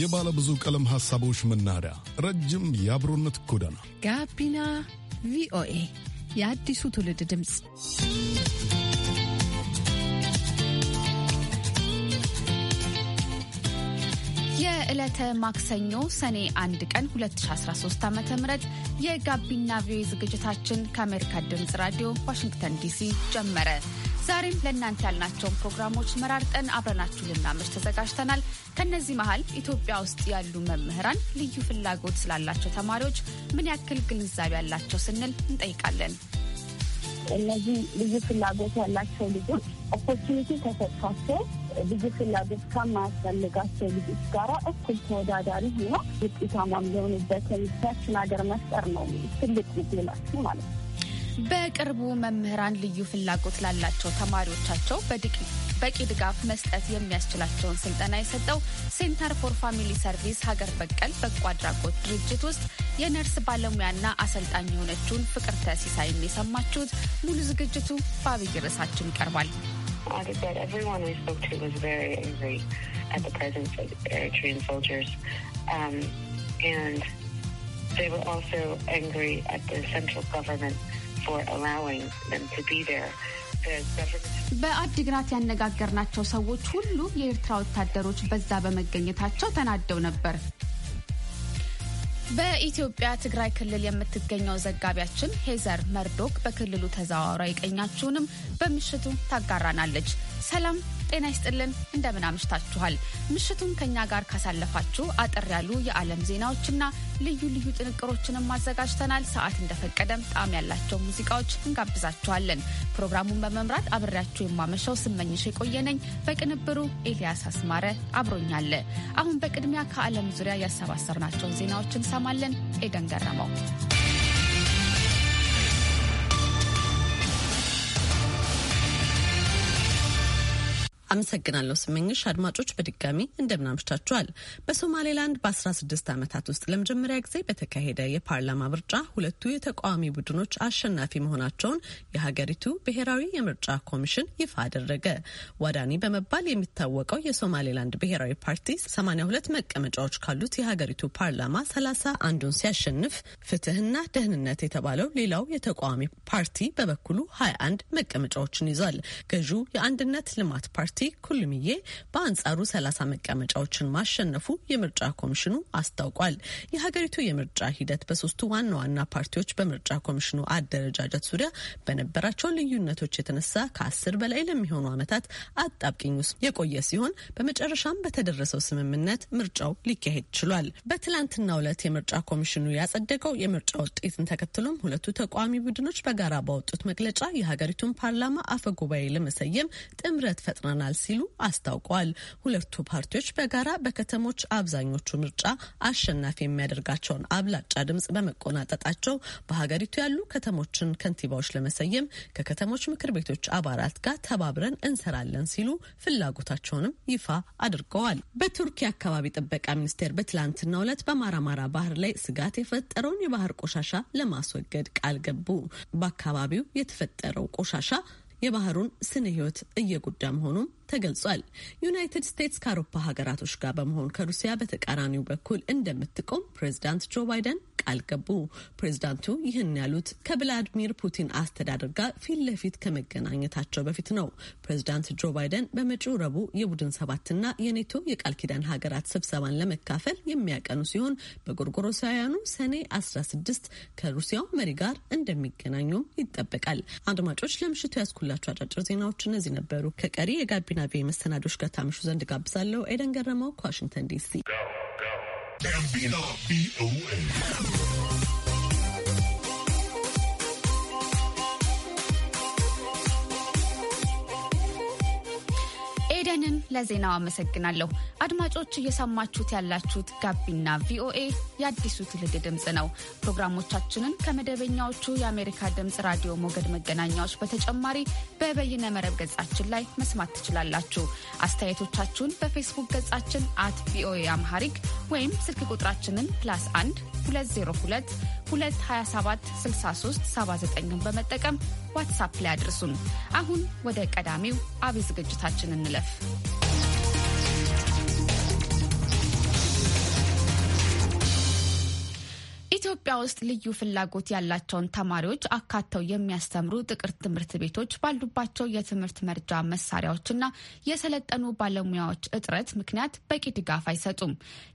የባለ ብዙ ቀለም ሐሳቦች መናኸሪያ፣ ረጅም የአብሮነት ጎዳና ጋቢና ቪኦኤ የአዲሱ ትውልድ ድምፅ። የዕለተ ማክሰኞ ሰኔ 1 ቀን 2013 ዓ ም የጋቢና ቪኦኤ ዝግጅታችን ከአሜሪካ ድምፅ ራዲዮ ዋሽንግተን ዲሲ ጀመረ። ዛሬም ለእናንተ ያልናቸውን ፕሮግራሞች መራርጠን አብረናችሁ ልናመሽ ተዘጋጅተናል። ከነዚህ መሀል ኢትዮጵያ ውስጥ ያሉ መምህራን ልዩ ፍላጎት ስላላቸው ተማሪዎች ምን ያክል ግንዛቤ ያላቸው ስንል እንጠይቃለን። እነዚህ ልዩ ፍላጎት ያላቸው ልጆች ኦፖርቹኒቲ ተሰጥቷቸው ልዩ ፍላጎት ከማያስፈልጋቸው ልጆች ጋር እኩል ተወዳዳሪ ሆኖ ውጤታማ የሚሆኑበትን ሀገር መፍጠር ነው ትልቅ ጊዜ ላችሁ ማለት ነው። በቅርቡ መምህራን ልዩ ፍላጎት ላላቸው ተማሪዎቻቸው በቂ ድጋፍ መስጠት የሚያስችላቸውን ስልጠና የሰጠው ሴንተር ፎር ፋሚሊ ሰርቪስ ሀገር በቀል በጎ አድራጎት ድርጅት ውስጥ የነርስ ባለሙያና አሰልጣኝ የሆነችውን ፍቅርተ ሲሳይን የሰማችሁት። ሙሉ ዝግጅቱ በአብይ ርዕሳችን ይቀርባል። They were also angry at the central government በአዲግራት ያነጋገርናቸው ሰዎች ሁሉ የኤርትራ ወታደሮች በዛ በመገኘታቸው ተናደው ነበር። በኢትዮጵያ ትግራይ ክልል የምትገኘው ዘጋቢያችን ሄዘር መርዶክ በክልሉ ተዘዋውራ የቀኛችሁንም በምሽቱ ታጋራናለች። ሰላም ጤና ይስጥልን እንደምን አምሽታችኋል። ምሽቱን ከእኛ ጋር ካሳለፋችሁ አጠር ያሉ የዓለም ዜናዎችና ልዩ ልዩ ጥንቅሮችንም አዘጋጅተናል። ሰዓት እንደፈቀደም ጣዕም ያላቸው ሙዚቃዎች እንጋብዛችኋለን። ፕሮግራሙን በመምራት አብሬያችሁ የማመሻው ስመኝሽ የቆየነኝ፣ በቅንብሩ ኤልያስ አስማረ አብሮኛለ። አሁን በቅድሚያ ከዓለም ዙሪያ ያሰባሰብናቸውን ዜናዎች እንሰማለን። ኤደን ገረመው አመሰግናለሁ ስመኝሽ። አድማጮች በድጋሚ እንደምናምሽታችኋል። በሶማሌላንድ በ16 ዓመታት ውስጥ ለመጀመሪያ ጊዜ በተካሄደ የፓርላማ ምርጫ ሁለቱ የተቃዋሚ ቡድኖች አሸናፊ መሆናቸውን የሀገሪቱ ብሔራዊ የምርጫ ኮሚሽን ይፋ አደረገ። ዋዳኒ በመባል የሚታወቀው የሶማሌላንድ ብሔራዊ ፓርቲ 82 መቀመጫዎች ካሉት የሀገሪቱ ፓርላማ 30 አንዱን ሲያሸንፍ፣ ፍትህና ደህንነት የተባለው ሌላው የተቃዋሚ ፓርቲ በበኩሉ 21 መቀመጫዎችን ይዟል። ገዢው የአንድነት ልማት ፓርቲ ፓርቲ ኩልምዬ በአንጻሩ 30 መቀመጫዎችን ማሸነፉ የምርጫ ኮሚሽኑ አስታውቋል። የሀገሪቱ የምርጫ ሂደት በሶስቱ ዋና ዋና ፓርቲዎች በምርጫ ኮሚሽኑ አደረጃጀት ዙሪያ በነበራቸው ልዩነቶች የተነሳ ከአስር በላይ ለሚሆኑ ዓመታት አጣብቂኝ ውስጥ የቆየ ሲሆን በመጨረሻም በተደረሰው ስምምነት ምርጫው ሊካሄድ ችሏል። በትላንትናው ዕለት የምርጫ ኮሚሽኑ ያጸደቀው የምርጫ ውጤትን ተከትሎም ሁለቱ ተቃዋሚ ቡድኖች በጋራ ባወጡት መግለጫ የሀገሪቱን ፓርላማ አፈ ጉባኤ ለመሰየም ጥምረት ፈጥረናል ይሆናል ሲሉ አስታውቀዋል። ሁለቱ ፓርቲዎች በጋራ በከተሞች አብዛኞቹ ምርጫ አሸናፊ የሚያደርጋቸውን አብላጫ ድምጽ በመቆናጠጣቸው በሀገሪቱ ያሉ ከተሞችን ከንቲባዎች ለመሰየም ከከተሞች ምክር ቤቶች አባላት ጋር ተባብረን እንሰራለን ሲሉ ፍላጎታቸውንም ይፋ አድርገዋል። በቱርኪ አካባቢ ጥበቃ ሚኒስቴር በትላንትናው ዕለት በማራማራ ባህር ላይ ስጋት የፈጠረውን የባህር ቆሻሻ ለማስወገድ ቃል ገቡ። በአካባቢው የተፈጠረው ቆሻሻ የባህሩን ስነ ሕይወት እየጎዳ መሆኑም ተገልጿል። ዩናይትድ ስቴትስ ከአውሮፓ ሀገራቶች ጋር በመሆን ከሩሲያ በተቃራኒው በኩል እንደምትቆም ፕሬዚዳንት ጆ ባይደን ቃል ገቡ። ፕሬዚዳንቱ ይህን ያሉት ከቭላዲሚር ፑቲን አስተዳደር ጋር ፊት ለፊት ከመገናኘታቸው በፊት ነው። ፕሬዚዳንት ጆ ባይደን በመጪው ረቡዕ የቡድን ሰባትና የኔቶ የቃል ኪዳን ሀገራት ስብሰባን ለመካፈል የሚያቀኑ ሲሆን በጎርጎሮሳውያኑ ሰኔ 16 ከሩሲያው መሪ ጋር እንደሚገናኙም ይጠበቃል። አድማጮች ለምሽቱ ያስኩላቸው አጫጭር ዜናዎች እነዚህ ነበሩ። ከቀሪ የጋቢና ከጋቢና ቤ መሰናዶች ጋር ታምሹ ዘንድ ጋብዛለሁ። ኤደን ገረመው ከዋሽንግተን ዲሲ ለዜናው አመሰግናለሁ። አድማጮች እየሰማችሁት ያላችሁት ጋቢና ቪኦኤ የአዲሱ ትውልድ ድምፅ ነው። ፕሮግራሞቻችንን ከመደበኛዎቹ የአሜሪካ ድምፅ ራዲዮ ሞገድ መገናኛዎች በተጨማሪ በበይነ መረብ ገጻችን ላይ መስማት ትችላላችሁ። አስተያየቶቻችሁን በፌስቡክ ገጻችን አት ቪኦኤ አምሃሪክ ወይም ስልክ ቁጥራችንን ፕላስ 1 202 227 በመጠቀም ዋትሳፕ ላይ አድርሱን። አሁን ወደ ቀዳሚው አብይ ዝግጅታችን እንለፍ። ኢትዮጵያ ውስጥ ልዩ ፍላጎት ያላቸውን ተማሪዎች አካተው የሚያስተምሩ ጥቅር ትምህርት ቤቶች ባሉባቸው የትምህርት መርጃ መሳሪያዎችና የሰለጠኑ ባለሙያዎች እጥረት ምክንያት በቂ ድጋፍ አይሰጡም።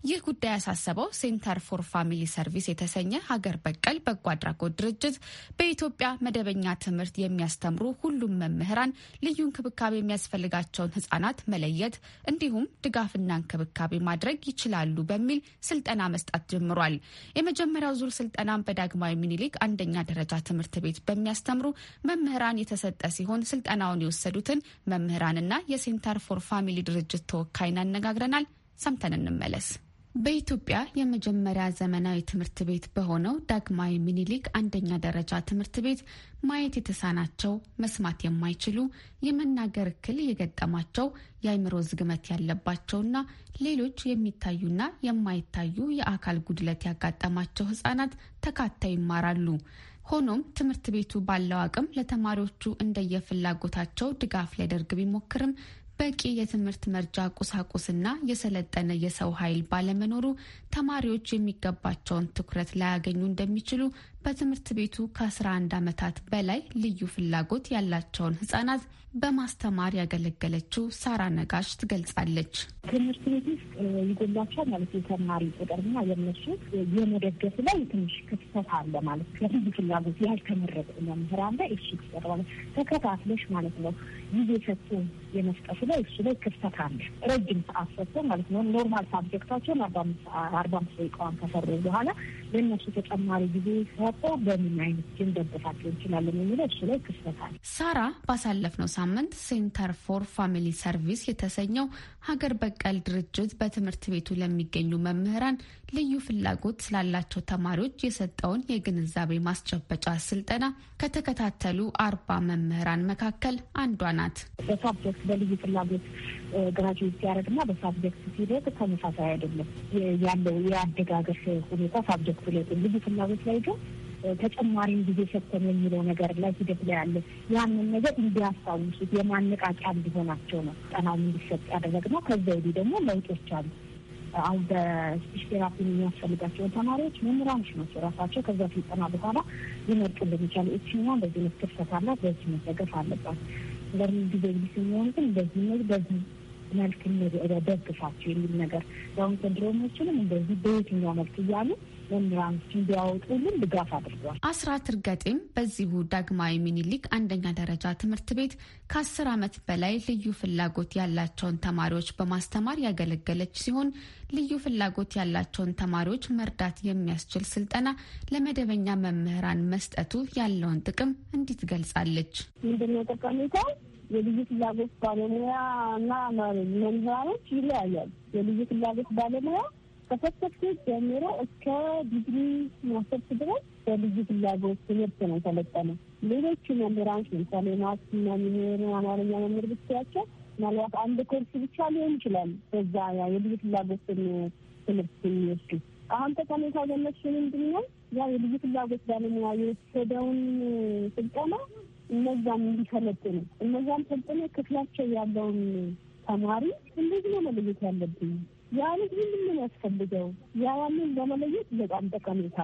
ይህ ጉዳይ ያሳሰበው ሴንተር ፎር ፋሚሊ ሰርቪስ የተሰኘ ሀገር በቀል በጎ አድራጎት ድርጅት በኢትዮጵያ መደበኛ ትምህርት የሚያስተምሩ ሁሉም መምህራን ልዩ እንክብካቤ የሚያስፈልጋቸውን ህጻናት መለየት እንዲሁም ድጋፍና እንክብካቤ ማድረግ ይችላሉ በሚል ስልጠና መስጣት ጀምሯል። የመጀመሪያው ዙር ስልጠናን በዳግማዊ ሚኒሊክ አንደኛ ደረጃ ትምህርት ቤት በሚያስተምሩ መምህራን የተሰጠ ሲሆን ስልጠናውን የወሰዱትን መምህራንና የሴንተር ፎር ፋሚሊ ድርጅት ተወካይን አነጋግረናል። ሰምተን እንመለስ። በኢትዮጵያ የመጀመሪያ ዘመናዊ ትምህርት ቤት በሆነው ዳግማዊ ምኒልክ አንደኛ ደረጃ ትምህርት ቤት ማየት የተሳናቸው፣ መስማት የማይችሉ፣ የመናገር እክል የገጠማቸው፣ የአእምሮ ዝግመት ያለባቸውና ሌሎች የሚታዩና የማይታዩ የአካል ጉድለት ያጋጠማቸው ህጻናት ተካተው ይማራሉ። ሆኖም ትምህርት ቤቱ ባለው አቅም ለተማሪዎቹ እንደየፍላጎታቸው ድጋፍ ሊያደርግ ቢሞክርም በቂ የትምህርት መርጃ ቁሳቁስና የሰለጠነ የሰው ኃይል ባለመኖሩ ተማሪዎች የሚገባቸውን ትኩረት ላያገኙ እንደሚችሉ በትምህርት ቤቱ ከ11 ዓመታት በላይ ልዩ ፍላጎት ያላቸውን ህጻናት በማስተማር ያገለገለችው ሳራ ነጋሽ ትገልጻለች። ትምህርት ቤት ውስጥ ይጎላቸዋል ማለት የተማሪ ቁጥርና የነሱ የመደገፍ ላይ ትንሽ ክፍተት አለ ማለት ለልዩ ፍላጎት ያልተመረጡ መምህር አለ። እሱ ክፍተት ማለት ተከታትለሽ ማለት ነው ጊዜ ሰጥቶ የመስጠቱ ላይ እሱ ላይ ክፍተት አለ። ረጅም ሰዓት ሰጥቶ ማለት ነው ኖርማል ሳብጀክታቸውን አርባ አምስት ደቂቃዋን ከሰሩ በኋላ ለእነሱ ተጨማሪ ጊዜ ሰ ተሳትፎ በምን አይነት ልንደግፋቸው እንችላለን የሚለው እሱ ላይ ክፍተታል። ሳራ ባሳለፍነው ሳምንት ሴንተር ፎር ፋሚሊ ሰርቪስ የተሰኘው ሀገር በቀል ድርጅት በትምህርት ቤቱ ለሚገኙ መምህራን ልዩ ፍላጎት ስላላቸው ተማሪዎች የሰጠውን የግንዛቤ ማስጨበጫ ስልጠና ከተከታተሉ አርባ መምህራን መካከል አንዷ ናት። በሳብጀክት በልዩ ፍላጎት ግራጁዌት ሲያደርግ እና በሳብጀክት ሲደግ ተመሳሳይ አይደለም ያለው የአደጋገፍ ሁኔታ ሳብጀክቱ ላይ ልዩ ፍላጎት ላይ ግን ተጨማሪም ጊዜ ሰጥተን የሚለው ነገር ላይ ሂደት ላይ ያለ ያንን ነገር እንዲያስታውሱት የማነቃቂያ እንዲሆናቸው ነው ጠናው እንዲሰጥ ያደረግነው። ከዚያ ወዲህ ደግሞ ለውጦች አሉ። አሁን በስፒች ቴራፒ የሚያስፈልጋቸውን ተማሪዎች መምህራኖች ናቸው ራሳቸው ከዛ ስልጠና በኋላ ሊመርጡልን ይቻሉ። እችኛ በዚህ ምክር ፈታላት በዚህ መደገፍ አለባት ለምን ጊዜ እንዲህ የሚሆን ግን በዚህ በዚህ መልክ ደግፋቸው የሚል ነገር የአሁን ዘንድሮዎችንም እንደዚህ በየትኛው መልክ እያሉ መምህራን እንዲያወጡልን ድጋፍ አስራት እርገጤም በዚሁ ዳግማዊ ሚኒሊክ አንደኛ ደረጃ ትምህርት ቤት ከአስር ዓመት በላይ ልዩ ፍላጎት ያላቸውን ተማሪዎች በማስተማር ያገለገለች ሲሆን ልዩ ፍላጎት ያላቸውን ተማሪዎች መርዳት የሚያስችል ስልጠና ለመደበኛ መምህራን መስጠቱ ያለውን ጥቅም እንዲህ ትገልጻለች። ምንድነው ጠቀሜታው? የልዩ ፍላጎት ባለሙያ እና መምህራኖች ይለያያል። የልዩ ፍላጎት ባለሙያ ከሰርተፍኬት ጀምሮ እስከ ዲግሪ ማስተርስ ድረስ በልዩ ፍላጎት ትምህርት ነው ተለጠነ። ሌሎቹ መምህራኖች ለምሳሌ ማት እና ሚኒር አማርኛ መምህር ብትያቸው ምናልባት አንድ ኮርስ ብቻ ሊሆን ይችላል። በዛ ያ የልዩ ፍላጎትን ትምህርት የሚወስዱ አሁን ተቀሜታ ገለች ምንድን ነው? ያ የልዩ ፍላጎት ባለሙያ የወሰደውን ስልጠና እነዛም እንዲሰለጥኑ እነዛም ሰልጥነ ክፍላቸው ያለውን ተማሪ እንደዚህ ነው መለየት ያለብኝ ያ ልጅ ምንድን ነው የሚያስፈልገው? ያ ያንን ለመለየት በጣም ጠቀሜታ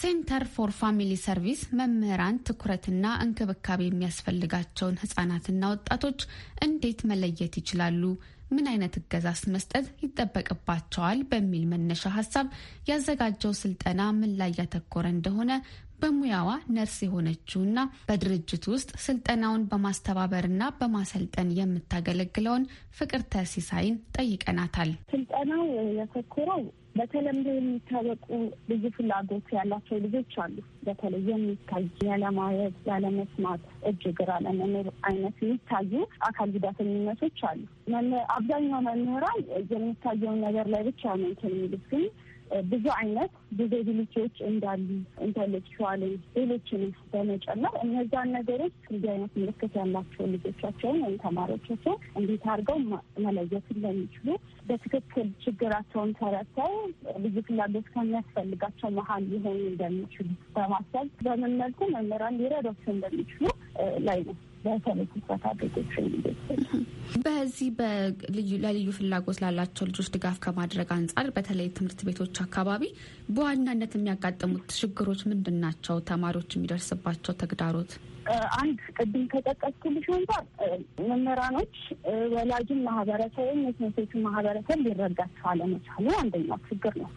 ሴንተር ፎር ፋሚሊ ሰርቪስ መምህራን ትኩረትና እንክብካቤ የሚያስፈልጋቸውን ህጻናትና ወጣቶች እንዴት መለየት ይችላሉ? ምን አይነት እገዛስ መስጠት ይጠበቅባቸዋል? በሚል መነሻ ሀሳብ ያዘጋጀው ስልጠና ምን ላይ ያተኮረ እንደሆነ በሙያዋ ነርስ የሆነችውና በድርጅት ውስጥ ስልጠናውን በማስተባበርና በማሰልጠን የምታገለግለውን ፍቅርተ ሲሳይን ጠይቀናታል። ስልጠናው ያተኮረው በተለምዶ የሚታወቁ ልዩ ፍላጎት ያላቸው ልጆች አሉ። በተለይ የሚታይ ያለማየት፣ ያለመስማት፣ እጅ እግር አለመኖር አይነት የሚታዩ አካል ጉዳተኝነቶች አሉ። አብዛኛው መምህራን የሚታየውን ነገር ላይ ብቻ ነው እንትን የሚሉት ግን ብዙ አይነት ዲዛቢሊቲዎች እንዳሉ ኢንተሌክቹዋል ሌሎችን በመጨመር እነዛን ነገሮች እንዲህ አይነት ምልክት ያላቸው ልጆቻቸውን ወይም ተማሪዎቻቸውን እንዴት አድርገው መለየት እንደሚችሉ በትክክል ችግራቸውን ተረድተው ልዩ ፍላጎት ከሚያስፈልጋቸው መሀል ሊሆኑ እንደሚችሉ በማሰብ በምን መልኩ መምህራን ሊረዷቸው እንደሚችሉ ላይ ነው በዚህ በልዩ ለልዩ ፍላጎት ላላቸው ልጆች ድጋፍ ከማድረግ አንጻር በተለይ ትምህርት ቤቶች አካባቢ በዋናነት የሚያጋጥሙት ችግሮች ምንድን ናቸው? ተማሪዎች የሚደርስባቸው ተግዳሮት አንድ ቅድም ከጠቀስኩልሽ አንጻር መምህራኖች፣ ወላጅን፣ ማህበረሰብም የትምህርት ቤቱን ማህበረሰብ ሊረዳቸው አለመቻሉ አንደኛው ችግር ነው።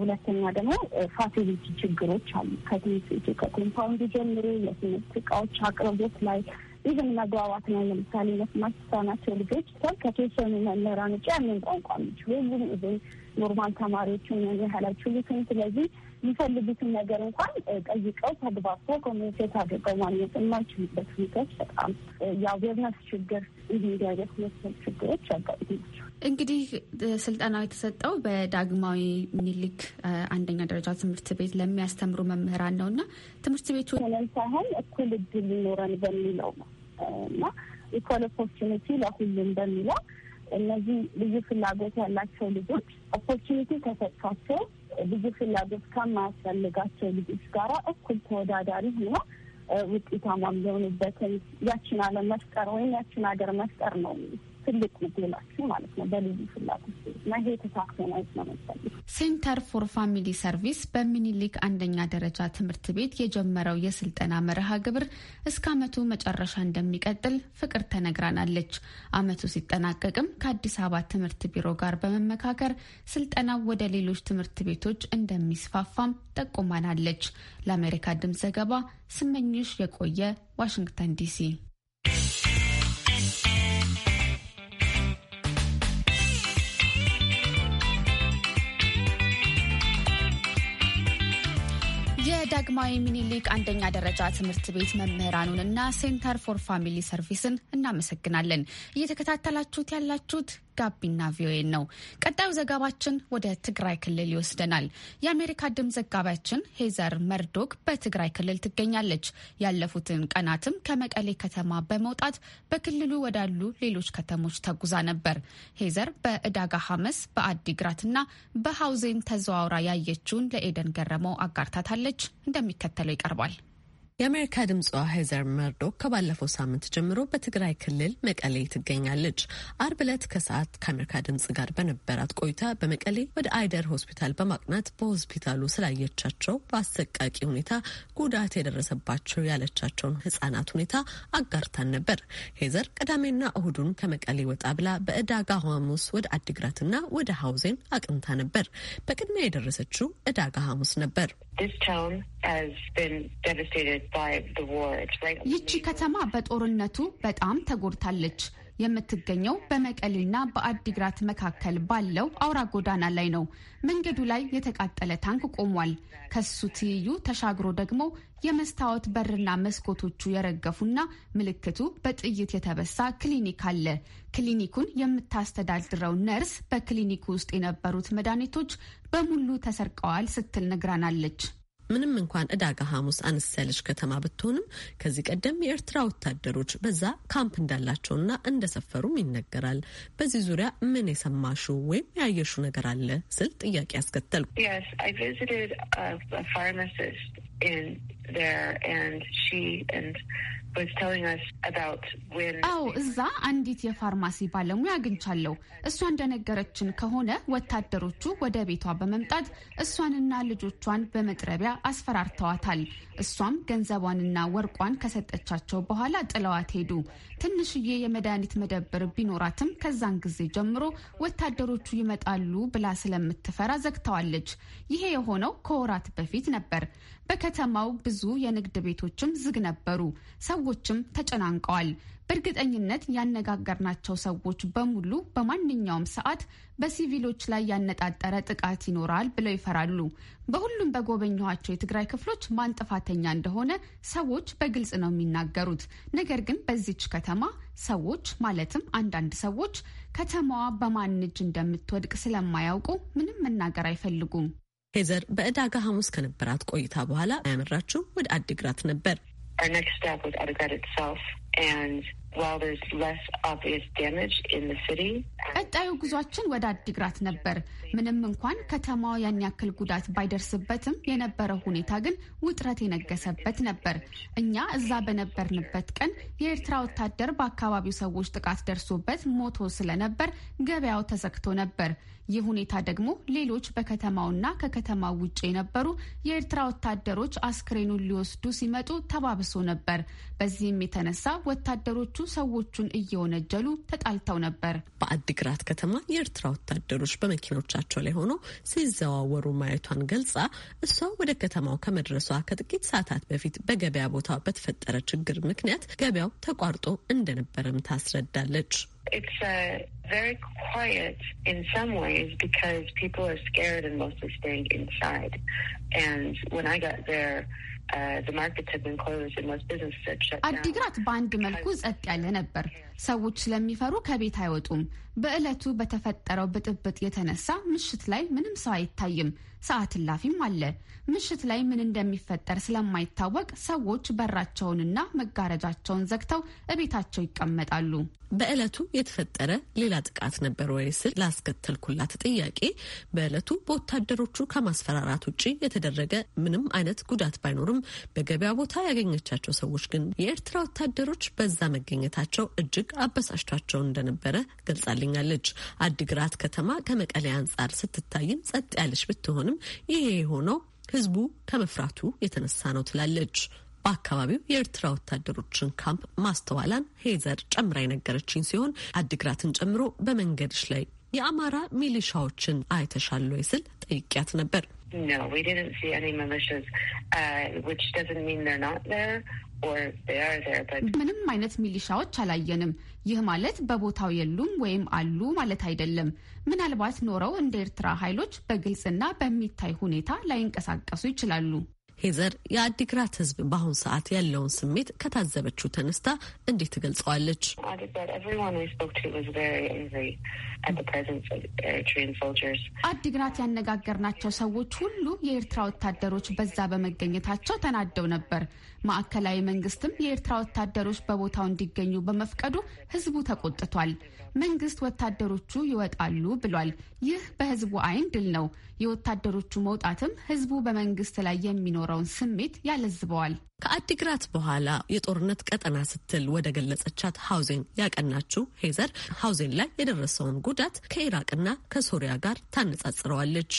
ሁለተኛ ደግሞ ፋሲሊቲ ችግሮች አሉ። ከትምህርት ከኮምፓውንድ ጀምሮ የትምህርት እቃዎች አቅርቦት ላይ ይህን መግባባት ነው። ለምሳሌ መስማት የተሳናቸው ልጆች ሰ ከተወሰኑ መምህራን ውጭ ያንን ቋንቋ የሚችሉ ሁሉም እዚ ኖርማል ተማሪዎች ሆነን ያህላችሁ ልክም ስለዚህ የሚፈልጉትን ነገር እንኳን ጠይቀው ተግባብቶ ኮሚኒኬት አድርገው ማግኘት የማይችሉበት ሁኔታዎች በጣም የአዌርነስ ችግር እንዲህ እንዲህ መሰል ችግሮች ያጋጥማቸው እንግዲህ ስልጠናው የተሰጠው በዳግማዊ ምኒልክ አንደኛ ደረጃ ትምህርት ቤት ለሚያስተምሩ መምህራን ነው እና ትምህርት ቤቱ ሆነን ሳይሆን እኩል እድል ሊኖረን በሚለው ነው እና ኢኳል ኦፖርቹኒቲ ለሁሉም በሚለው እነዚህ ልዩ ፍላጎት ያላቸው ልጆች ኦፖርቹኒቲ ተሰጥቷቸው ልዩ ፍላጎት ከማያስፈልጋቸው ልጆች ጋራ እኩል ተወዳዳሪ ሆኖ ውጤታማ የሚሆኑበትን ያችን ዓለም መፍጠር ወይም ያችን ሀገር መፍጠር ነው ትልቅ ምግላችሁ ማለት ነው በልዩ ፍላጎት እና ይሄ የተሳክቶ ማየት ነው መሰለኝ። ሴንተር ፎር ፋሚሊ ሰርቪስ በሚኒሊክ አንደኛ ደረጃ ትምህርት ቤት የጀመረው የስልጠና መርሃ ግብር እስከ አመቱ መጨረሻ እንደሚቀጥል ፍቅር ተነግራናለች። አመቱ ሲጠናቀቅም ከአዲስ አበባ ትምህርት ቢሮ ጋር በመመካከር ስልጠናው ወደ ሌሎች ትምህርት ቤቶች እንደሚስፋፋም ጠቁማናለች። ለአሜሪካ ድምፅ ዘገባ ስመኝሽ የቆየ ዋሽንግተን ዲሲ። የዳግማዊ ምኒልክ አንደኛ ደረጃ ትምህርት ቤት መምህራኑንና ሴንተር ፎር ፋሚሊ ሰርቪስን እናመሰግናለን። እየተከታተላችሁት ያላችሁት ጋቢና ቪኦኤ ነው። ቀጣዩ ዘገባችን ወደ ትግራይ ክልል ይወስደናል። የአሜሪካ ድምፅ ዘጋቢያችን ሄዘር መርዶክ በትግራይ ክልል ትገኛለች። ያለፉትን ቀናትም ከመቀሌ ከተማ በመውጣት በክልሉ ወዳሉ ሌሎች ከተሞች ተጉዛ ነበር። ሄዘር በእዳጋ ሐመስ በአዲግራትና በሀውዜን ተዘዋውራ ያየችውን ለኤደን ገረመው አጋርታታለች። እንደሚከተለው ይቀርባል። የአሜሪካ ድምጿ ሄዘር መርዶክ ከባለፈው ሳምንት ጀምሮ በትግራይ ክልል መቀሌ ትገኛለች። አርብ ዕለት ከሰዓት ከአሜሪካ ድምጽ ጋር በነበራት ቆይታ በመቀሌ ወደ አይደር ሆስፒታል በማቅናት በሆስፒታሉ ስላየቻቸው በአሰቃቂ ሁኔታ ጉዳት የደረሰባቸው ያለቻቸውን ህጻናት ሁኔታ አጋርታን ነበር። ሄዘር ቅዳሜና እሁዱን ከመቀሌ ወጣ ብላ በእዳጋ ሐሙስ ወደ አዲግራትና ወደ ሀውዜን አቅንታ ነበር። በቅድሚያ የደረሰችው እዳጋ ሐሙስ ነበር። ይቺ ከተማ በጦርነቱ በጣም ተጎድታለች። የምትገኘው በመቀሌና በአዲግራት መካከል ባለው አውራ ጎዳና ላይ ነው። መንገዱ ላይ የተቃጠለ ታንክ ቆሟል። ከሱ ትይዩ ተሻግሮ ደግሞ የመስታወት በርና መስኮቶቹ የረገፉና ምልክቱ በጥይት የተበሳ ክሊኒክ አለ። ክሊኒኩን የምታስተዳድረው ነርስ በክሊኒኩ ውስጥ የነበሩት መድኃኒቶች በሙሉ ተሰርቀዋል ስትል ነግራናለች። ምንም እንኳን እዳጋ ሐሙስ አነስ ያለች ከተማ ብትሆንም ከዚህ ቀደም የኤርትራ ወታደሮች በዛ ካምፕ እንዳላቸውና እንደሰፈሩም ይነገራል። በዚህ ዙሪያ ምን የሰማሹ ወይም ያየሹ ነገር አለ ስል ጥያቄ ያስከተል አዎ እዛ አንዲት የፋርማሲ ባለሙያ አግኝቻለሁ። እሷ እንደነገረችን ከሆነ ወታደሮቹ ወደ ቤቷ በመምጣት እሷንና ልጆቿን በመጥረቢያ አስፈራርተዋታል። እሷም ገንዘቧንና ወርቋን ከሰጠቻቸው በኋላ ጥለዋት ሄዱ። ትንሽዬ የመድኃኒት መደብር ቢኖራትም ከዛን ጊዜ ጀምሮ ወታደሮቹ ይመጣሉ ብላ ስለምትፈራ ዘግተዋለች። ይሄ የሆነው ከወራት በፊት ነበር። በከተማው ብዙ የንግድ ቤቶችም ዝግ ነበሩ። ሰዎችም ተጨናንቀዋል። በእርግጠኝነት ያነጋገርናቸው ሰዎች በሙሉ በማንኛውም ሰዓት በሲቪሎች ላይ ያነጣጠረ ጥቃት ይኖራል ብለው ይፈራሉ። በሁሉም በጎበኘኋቸው የትግራይ ክፍሎች ማን ጥፋተኛ እንደሆነ ሰዎች በግልጽ ነው የሚናገሩት። ነገር ግን በዚች ከተማ ሰዎች ማለትም አንዳንድ ሰዎች ከተማዋ በማን እጅ እንደምትወድቅ ስለማያውቁ ምንም መናገር አይፈልጉም። ሄዘር በእዳጋ ሐሙስ ከነበራት ቆይታ በኋላ ያመራችው ወደ አዲግራት ነበር። Our next stop was Adigrat itself, and Uh, ቀጣዩ ጉዟችን ወደ አዲግራት ነበር። ምንም እንኳን ከተማዋ ያን ያክል ጉዳት ባይደርስበትም የነበረው ሁኔታ ግን ውጥረት የነገሰበት ነበር። እኛ እዛ በነበርንበት ቀን የኤርትራ ወታደር በአካባቢው ሰዎች ጥቃት ደርሶበት ሞቶ ስለነበር ገበያው ተዘግቶ ነበር። ይህ ሁኔታ ደግሞ ሌሎች በከተማውና ከከተማው ውጭ የነበሩ የኤርትራ ወታደሮች አስክሬኑን ሊወስዱ ሲመጡ ተባብሶ ነበር። በዚህም የተነሳ ወታደሮች ሰዎቹን እየወነጀሉ ተጣልተው ነበር። በአዲግራት ከተማ የኤርትራ ወታደሮች በመኪኖቻቸው ላይ ሆነው ሲዘዋወሩ ማየቷን ገልጻ እሷ ወደ ከተማው ከመድረሷ ከጥቂት ሰዓታት በፊት በገበያ ቦታ በተፈጠረ ችግር ምክንያት ገበያው ተቋርጦ እንደነበረም ታስረዳለች። It's uh, very quiet in some ways because people are scared and mostly staying inside. And when I got there, Uh, አዲግራት በአንድ መልኩ ጸጥ ያለ ነበር። ሰዎች ስለሚፈሩ ከቤት አይወጡም። በዕለቱ በተፈጠረው ብጥብጥ የተነሳ ምሽት ላይ ምንም ሰው አይታይም። ሰዓት እላፊም አለ። ምሽት ላይ ምን እንደሚፈጠር ስለማይታወቅ ሰዎች በራቸውንና መጋረጃቸውን ዘግተው እቤታቸው ይቀመጣሉ። በዕለቱ የተፈጠረ ሌላ ጥቃት ነበር ወይ ስል ላስከተልኩላት ጥያቄ በዕለቱ በወታደሮቹ ከማስፈራራት ውጭ የተደረገ ምንም አይነት ጉዳት ባይኖርም በገበያ ቦታ ያገኘቻቸው ሰዎች ግን የኤርትራ ወታደሮች በዛ መገኘታቸው እጅግ አበሳጭቷቸው እንደነበረ ገልጻልኛለች። አዲግራት ከተማ ከመቀሌ አንጻር ስትታይም ጸጥ ያለች ብትሆን ቢሆንም ይሄ የሆነው ህዝቡ ከመፍራቱ የተነሳ ነው ትላለች። በአካባቢው የኤርትራ ወታደሮችን ካምፕ ማስተዋላን ሄዘር ጨምራ የነገረችኝ ሲሆን አድግራትን ጨምሮ በመንገድሽ ላይ የአማራ ሚሊሻዎችን አይተሻል ወይ ስል ጠይቂያት ነበር። No, we didn't see any militias, uh, which doesn't mean they're not there. ምንም አይነት ሚሊሻዎች አላየንም። ይህ ማለት በቦታው የሉም ወይም አሉ ማለት አይደለም። ምናልባት ኖረው እንደ ኤርትራ ኃይሎች በግልጽና በሚታይ ሁኔታ ላይንቀሳቀሱ ይችላሉ። ሄዘር የአዲግራት ህዝብ በአሁን ሰዓት ያለውን ስሜት ከታዘበችው ተነስታ እንዴት ትገልጸዋለች? Uh, አዲግራት ያነጋገርናቸው ሰዎች ሁሉ የኤርትራ ወታደሮች በዛ በመገኘታቸው ተናደው ነበር። ማዕከላዊ መንግስትም የኤርትራ ወታደሮች በቦታው እንዲገኙ በመፍቀዱ ህዝቡ ተቆጥቷል። መንግስት ወታደሮቹ ይወጣሉ ብሏል። ይህ በህዝቡ አይን ድል ነው። የወታደሮቹ መውጣትም ህዝቡ በመንግስት ላይ የሚኖር የሚኖረውን ስሜት ያለዝበዋል። ከአዲግራት በኋላ የጦርነት ቀጠና ስትል ወደ ገለጸቻት ሀውዜን ያቀናችው ሄዘር ሀውዜን ላይ የደረሰውን ጉዳት ከኢራቅና ከሶሪያ ጋር ታነጻጽረዋለች።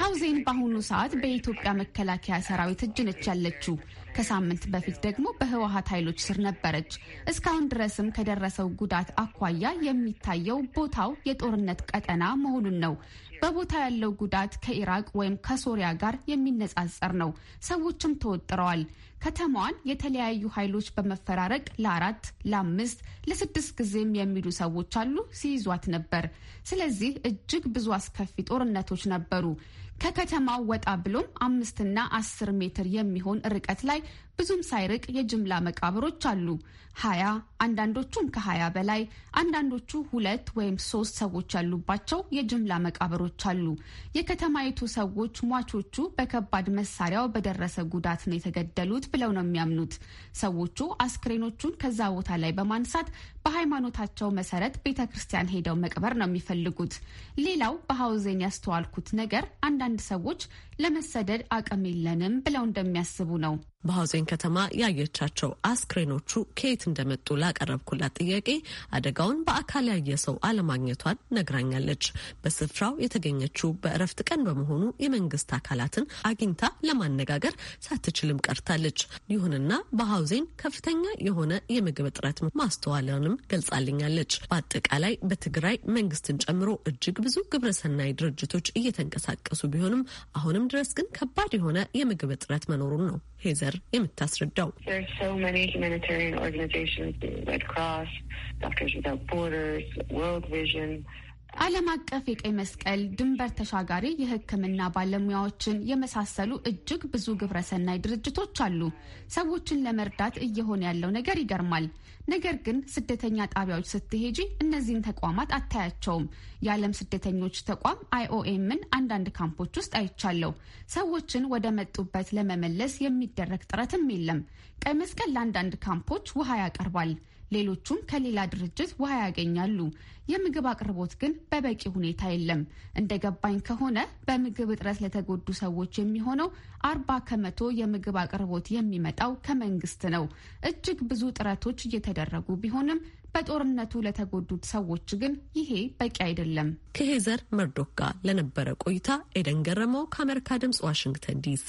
ሀውዜን በአሁኑ ሰዓት በኢትዮጵያ መከላከያ ሰራዊት እጅ ነች ያለችው። ከሳምንት በፊት ደግሞ በህወሀት ኃይሎች ስር ነበረች። እስካሁን ድረስም ከደረሰው ጉዳት አኳያ የሚታየው ቦታው የጦርነት ቀጠና መሆኑን ነው። በቦታ ያለው ጉዳት ከኢራቅ ወይም ከሶሪያ ጋር የሚነጻጸር ነው። ሰዎችም ተወጥረዋል። ከተማዋን የተለያዩ ኃይሎች በመፈራረቅ ለአራት ለአምስት ለስድስት ጊዜም የሚሉ ሰዎች አሉ ሲይዟት ነበር። ስለዚህ እጅግ ብዙ አስከፊ ጦርነቶች ነበሩ። ከከተማው ወጣ ብሎም አምስትና አስር ሜትር የሚሆን ርቀት ላይ ብዙም ሳይርቅ የጅምላ መቃብሮች አሉ። ሀያ አንዳንዶቹም ከሀያ በላይ አንዳንዶቹ ሁለት ወይም ሶስት ሰዎች ያሉባቸው የጅምላ መቃብሮች አሉ። የከተማይቱ ሰዎች ሟቾቹ በከባድ መሳሪያው በደረሰ ጉዳት ነው የተገደሉት ብለው ነው የሚያምኑት። ሰዎቹ አስክሬኖቹን ከዛ ቦታ ላይ በማንሳት በሃይማኖታቸው መሰረት ቤተ ክርስቲያን ሄደው መቅበር ነው የሚፈልጉት። ሌላው በሀውዜን ያስተዋልኩት ነገር አንዳንድ ሰዎች ለመሰደድ አቅም የለንም ብለው እንደሚያስቡ ነው። በሐውዜን ከተማ ያየቻቸው አስክሬኖቹ ከየት እንደመጡ ላቀረብኩላት ጥያቄ አደጋውን በአካል ያየ ሰው አለማግኘቷን ነግራኛለች። በስፍራው የተገኘችው በእረፍት ቀን በመሆኑ የመንግስት አካላትን አግኝታ ለማነጋገር ሳትችልም ቀርታለች። ይሁንና በሐውዜን ከፍተኛ የሆነ የምግብ እጥረት ማስተዋለንም ገልጻልኛለች። በአጠቃላይ በትግራይ መንግስትን ጨምሮ እጅግ ብዙ ግብረሰናይ ድርጅቶች እየተንቀሳቀሱ ቢሆንም አሁንም ድረስ ግን ከባድ የሆነ የምግብ እጥረት መኖሩን ነው ሄዘር የምታስረዳው ዓለም አቀፍ የቀይ መስቀል ድንበር ተሻጋሪ የሕክምና ባለሙያዎችን የመሳሰሉ እጅግ ብዙ ግብረሰናይ ድርጅቶች አሉ። ሰዎችን ለመርዳት እየሆነ ያለው ነገር ይገርማል። ነገር ግን ስደተኛ ጣቢያዎች ስትሄጂ እነዚህን ተቋማት አታያቸውም። የዓለም ስደተኞች ተቋም አይኦኤምን አንዳንድ ካምፖች ውስጥ አይቻለሁ። ሰዎችን ወደ መጡበት ለመመለስ የሚደረግ ጥረትም የለም። ቀይ መስቀል ለአንዳንድ ካምፖች ውሃ ያቀርባል። ሌሎቹም ከሌላ ድርጅት ውሃ ያገኛሉ። የምግብ አቅርቦት ግን በበቂ ሁኔታ የለም። እንደ ገባኝ ከሆነ በምግብ እጥረት ለተጎዱ ሰዎች የሚሆነው አርባ ከመቶ የምግብ አቅርቦት የሚመጣው ከመንግስት ነው። እጅግ ብዙ ጥረቶች እየተደረጉ ቢሆንም በጦርነቱ ለተጎዱት ሰዎች ግን ይሄ በቂ አይደለም። ከሄዘር መርዶክ ጋር ለነበረ ቆይታ ኤደን ገረመው ከአሜሪካ ድምጽ ዋሽንግተን ዲሲ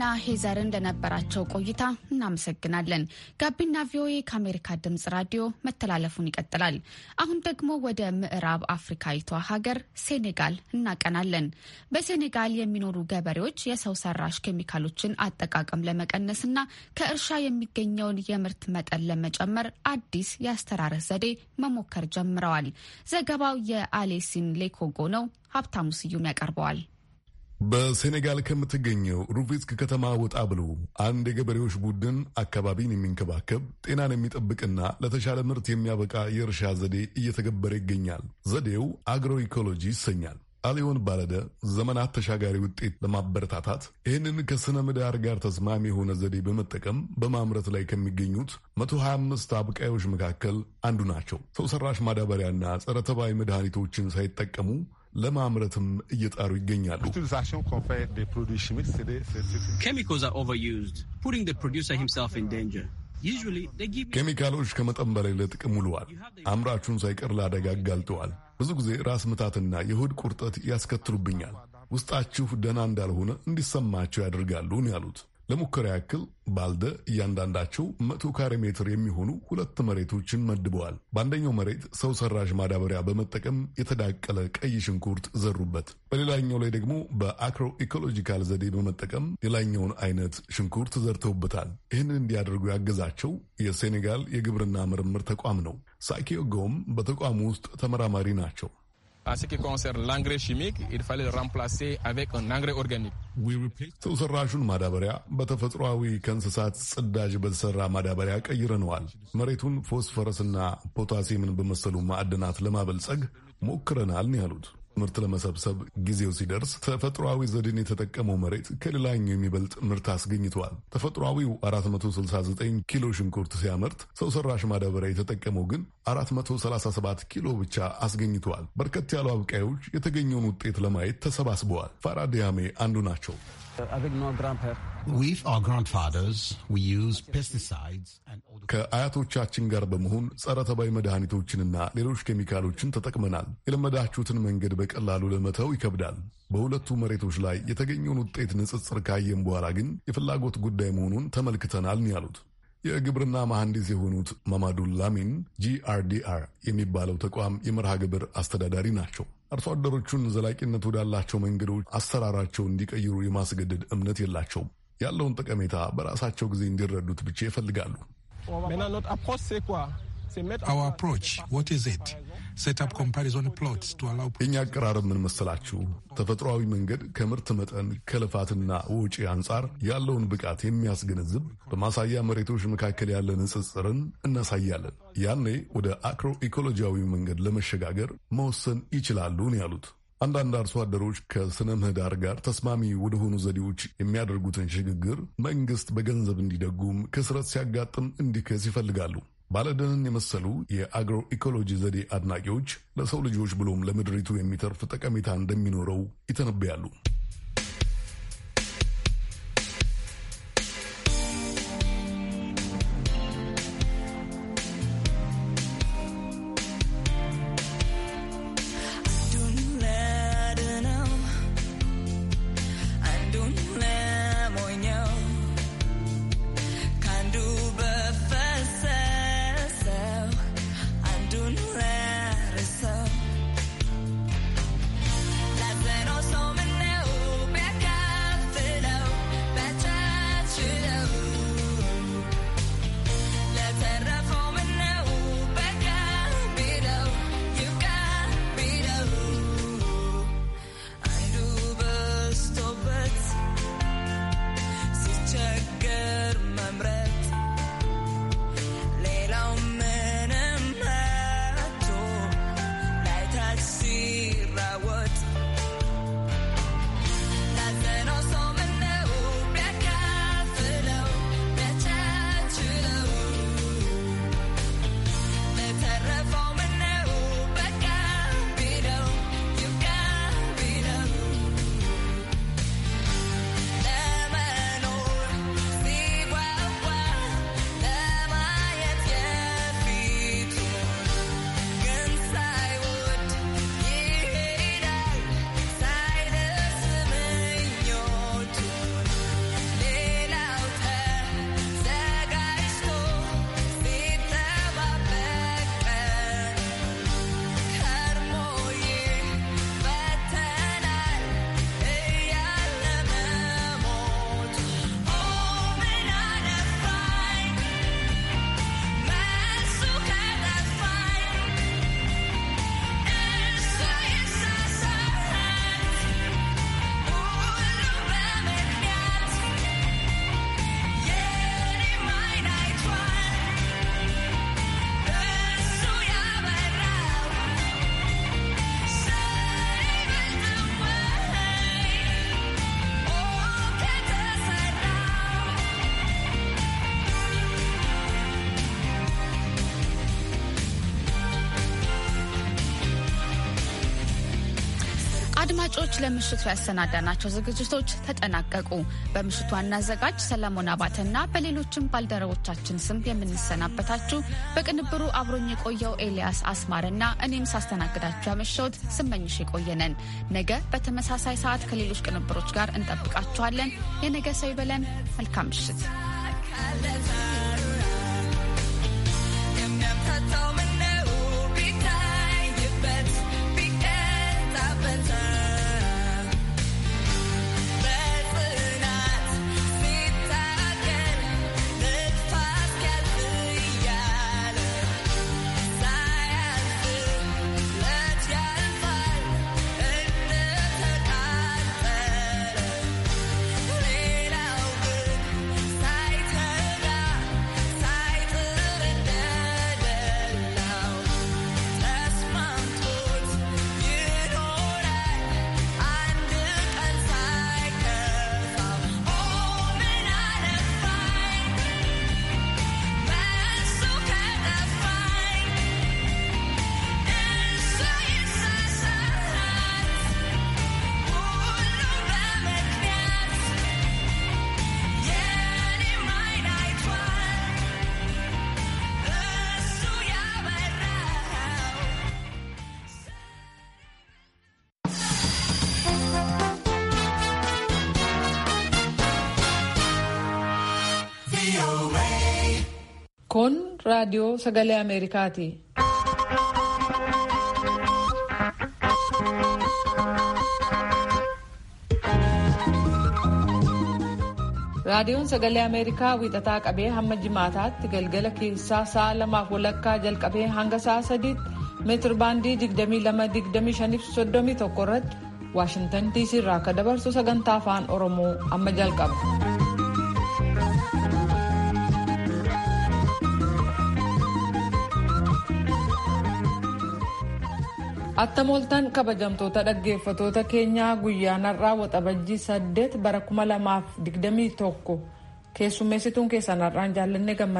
ና ሄዘር እንደነበራቸው ቆይታ እናመሰግናለን። ጋቢና ቪኦኤ ከአሜሪካ ድምጽ ራዲዮ መተላለፉን ይቀጥላል። አሁን ደግሞ ወደ ምዕራብ አፍሪካዊቷ ሀገር ሴኔጋል እናቀናለን። በሴኔጋል የሚኖሩ ገበሬዎች የሰው ሰራሽ ኬሚካሎችን አጠቃቀም ለመቀነስ ና ከእርሻ የሚገኘውን የምርት መጠን ለመጨመር አዲስ የአስተራረስ ዘዴ መሞከር ጀምረዋል። ዘገባው የአሌሲን ሌኮጎ ነው። ሀብታሙ ስዩም ያቀርበዋል። በሴኔጋል ከምትገኘው ሩቬትክ ከተማ ወጣ ብሎ አንድ የገበሬዎች ቡድን አካባቢን የሚንከባከብ ጤናን የሚጠብቅና ለተሻለ ምርት የሚያበቃ የእርሻ ዘዴ እየተገበረ ይገኛል። ዘዴው አግሮ ኢኮሎጂ ይሰኛል። አሊዮን ባለደ ዘመናት ተሻጋሪ ውጤት ለማበረታታት ይህንን ከሥነ ምህዳር ጋር ተስማሚ የሆነ ዘዴ በመጠቀም በማምረት ላይ ከሚገኙት 125 አብቃዮች መካከል አንዱ ናቸው። ሰው ሰራሽ ማዳበሪያና ጸረ ተባይ መድኃኒቶችን ሳይጠቀሙ ለማምረትም እየጣሩ ይገኛሉ። ኬሚካሎች ከመጠን በላይ ለጥቅም ውለዋል። አምራቹን ሳይቀር ለአደጋ አጋልጠዋል። ብዙ ጊዜ ራስ ምታትና የሆድ ቁርጠት ያስከትሉብኛል። ውስጣችሁ ደህና እንዳልሆነ እንዲሰማቸው ያደርጋሉ ያሉት። ለሙከራ ያክል ባልደ እያንዳንዳቸው መቶ ካሬ ሜትር የሚሆኑ ሁለት መሬቶችን መድበዋል። በአንደኛው መሬት ሰው ሰራሽ ማዳበሪያ በመጠቀም የተዳቀለ ቀይ ሽንኩርት ዘሩበት። በሌላኛው ላይ ደግሞ በአክሮ ኢኮሎጂካል ዘዴ በመጠቀም ሌላኛውን አይነት ሽንኩርት ዘርተውበታል። ይህንን እንዲያደርጉ ያገዛቸው የሴኔጋል የግብርና ምርምር ተቋም ነው። ሳኪዮ ጎም በተቋሙ ውስጥ ተመራማሪ ናቸው። en ce qui concerne l'engrais chimique, il fallait le remplacer avec un engrais organique. ሰው ሰራሹን ማዳበሪያ በተፈጥሯዊ ከእንስሳት ጽዳጅ በተሰራ ማዳበሪያ ቀይረነዋል። መሬቱን ፎስፈረስና ፖታሲየምን በመሰሉ ማዕድናት ለማበልጸግ ሞክረናል ያሉት ምርት ለመሰብሰብ ጊዜው ሲደርስ ተፈጥሯዊ ዘዴን የተጠቀመው መሬት ከሌላኛው የሚበልጥ ምርት አስገኝተዋል። ተፈጥሯዊው 469 ኪሎ ሽንኩርት ሲያመርት ሰው ሰራሽ ማዳበሪያ የተጠቀመው ግን 437 ኪሎ ብቻ አስገኝተዋል። በርከት ያሉ አብቃዮች የተገኘውን ውጤት ለማየት ተሰባስበዋል። ፋራዲያሜ አንዱ ናቸው። ከአያቶቻችን ጋር በመሆን ጸረ ተባይ መድኃኒቶችንና ሌሎች ኬሚካሎችን ተጠቅመናል። የለመዳችሁትን መንገድ በቀላሉ ለመተው ይከብዳል። በሁለቱ መሬቶች ላይ የተገኘውን ውጤት ንጽጽር ካየን በኋላ ግን የፍላጎት ጉዳይ መሆኑን ተመልክተናል ያሉት። የግብርና መሐንዲስ የሆኑት ማማዱ ላሚን ጂአርዲአር የሚባለው ተቋም የመርሃ ግብር አስተዳዳሪ ናቸው። አርሶ አደሮቹን ዘላቂነት ወዳላቸው መንገዶች አሰራራቸው እንዲቀይሩ የማስገደድ እምነት የላቸውም። ያለውን ጠቀሜታ በራሳቸው ጊዜ እንዲረዱት ብቻ ይፈልጋሉ። Our approach, what is it? Set up comparison plots to allow... የእኛ አቀራረብ ምን መሰላችሁ? ተፈጥሯዊ መንገድ ከምርት መጠን ከልፋትና ወጪ አንጻር ያለውን ብቃት የሚያስገነዝብ በማሳያ መሬቶች መካከል ያለ ንጽጽርን እናሳያለን። ያኔ ወደ አክሮ ኢኮሎጂያዊ መንገድ ለመሸጋገር መወሰን ይችላሉን ያሉት አንዳንድ አርሶ አደሮች ከስነ ምህዳር ጋር ተስማሚ ወደሆኑ ዘዴዎች የሚያደርጉትን ሽግግር መንግስት በገንዘብ እንዲደጉም ክስረት ሲያጋጥም እንዲከስ ይፈልጋሉ። ባለደንን የመሰሉ የአግሮ ኢኮሎጂ ዘዴ አድናቂዎች ለሰው ልጆች ብሎም ለምድሪቱ የሚተርፍ ጠቀሜታ እንደሚኖረው ይተነብያሉ። አድማጮች ለምሽቱ ያሰናዳናቸው ዝግጅቶች ተጠናቀቁ። በምሽቱ ዋና አዘጋጅ ሰለሞን አባተና በሌሎችም ባልደረቦቻችን ስም የምንሰናበታችሁ በቅንብሩ አብሮኝ የቆየው ኤልያስ አስማርና እኔም ሳስተናግዳችሁ ያመሸሁት ስመኝሽ የቆየነን። ነገ በተመሳሳይ ሰዓት ከሌሎች ቅንብሮች ጋር እንጠብቃችኋለን። የነገ ሰው ይበለን። መልካም ምሽት። raadiyoo sagalee ameerikaati. raadiyoon sagalee ameerikaa wiixataa qabee hamma jimaataatti galgala keessaa sa'a lamaaf walakkaa jalqabee hanga sa'a sadiitti meetir baandii 222531 irratti waashintan diisii irraa akka dabarsu sagantaa afaan oromoo amma jalqaba. Atta mooltaan kabajamtoota dhaggeeffatoota keenyaa guyyaan har'aa waxabajjii 8 bara 2021 keessummeessituun keessan har'aan jaalannee gammada.